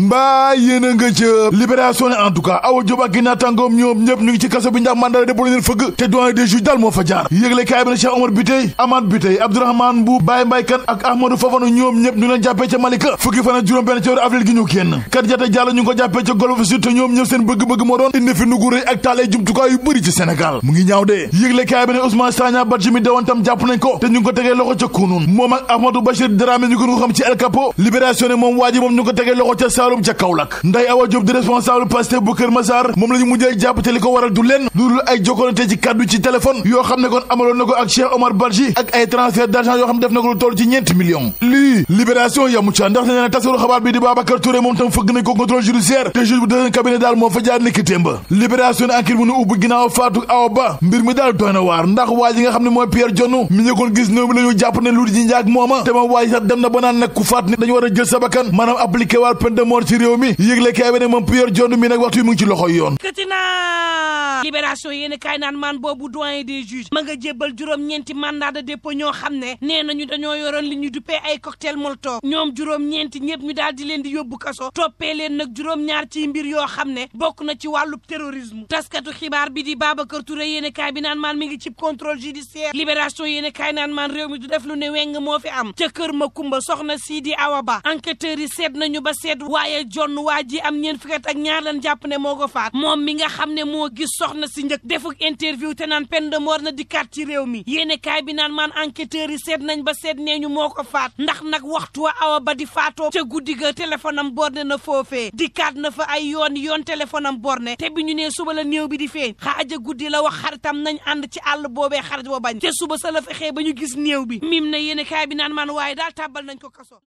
mbaa yéen a nga ca libération ne en tout cas awa Diop ak naataangoom ñoom ñëpp ñu ngi ci kaso bi ndax mandat de fëgg te doyen des juges moo fa jaar yëgle kaay bi ne Cheikh Omar Biteye Amath Biteye Abdourahmane Mboup ak Ahmadou Fofana ñoom ñëpp ñu leen jàppee ca Malika fukki fan ak juróom benn ci weeru avril gi ñu kenn kat jate ñu ngi jàppee ca Golf Sud te ñoom ñëpp seen bëgg-bëgg moo doon indi nu gu rëy ak taal ay bëri ci Sénégal wàllum ca Kaolack Ndeye Awa Diop di responsable pasteur bu Kër Massar moom la ñu mujjee waral du leen lu ay jokkalante ci kaddu ci téléphone yoo xam kon amaloon na ak Cheikh Omar Barji ak ay transfert d'argent yoo xam def na lu toll ci ñeenti millions lii libération yamu ca ndax nee na tasaru bi di Babacar Touré moom tam fëgg nañ contrôle judiciaire te juge bu deuxième cabinet daal moo fa jaar niki témba libération enquête mu nu ubbi ginnaaw Fatou Awa Ba mbir mi daal doy na ndax waa nga xam ne Pierre Dione mi ñu kon gis néew bi la jàpp ne lu ji njaag mooma te moom waa ji dem na ba ku faat ni dañu war jël sa bakkan maanaam appliqué peine de mort amoon ci réew mi yëgle kaay bi ne moom Pierre Dione mi nag waxtu yi mu ngi ci loxoy yoon libération yéen kaay naan maan boobu doyen des juges ma nga jébbal juróom-ñeenti mandat de dépôt nee nañu dañoo yoroon li ñu duppee ay cocktail molotov ñoom juróom-ñeenti ñëpp ñu daal leen di yóbbu kaso toppee leen nag juróom-ñaar ci mbir yoo bokk na ci wàllub terrorisme taskatu xibaar bi di Babacar Touré yéen kaay bi naan maan mi ngi cib contrôle judiciaire libération yéen kaay naan maan réew mi du def lu ne weng moo am ca ma kumba soxna yi seet nañu ba seet waaye jonn waa ji am ñeen fukkat ak ñaar soxna si njëkk defuk interview te naan peine de mort na dikkaat ci réew mi yéene kaay bi naan maan enquêteurs yi seet nañ ba seet nee ñu moo ko faat ndax nag waxtu wa awa ba di faatoo ca guddi ga téléphone am borne na foofee dikkaat na fa ay yoon yoon téléphone am borne te bi ñu nee suba la néew bi di feeñ xaaja guddi la wax xaritam nañ ànd ci àll boobee xarit ba bañ ca suba sa la fexee ba ñu gis néew bi mim na yéene kaay bi naan maan waaye daal tàbbal nañ ko kaso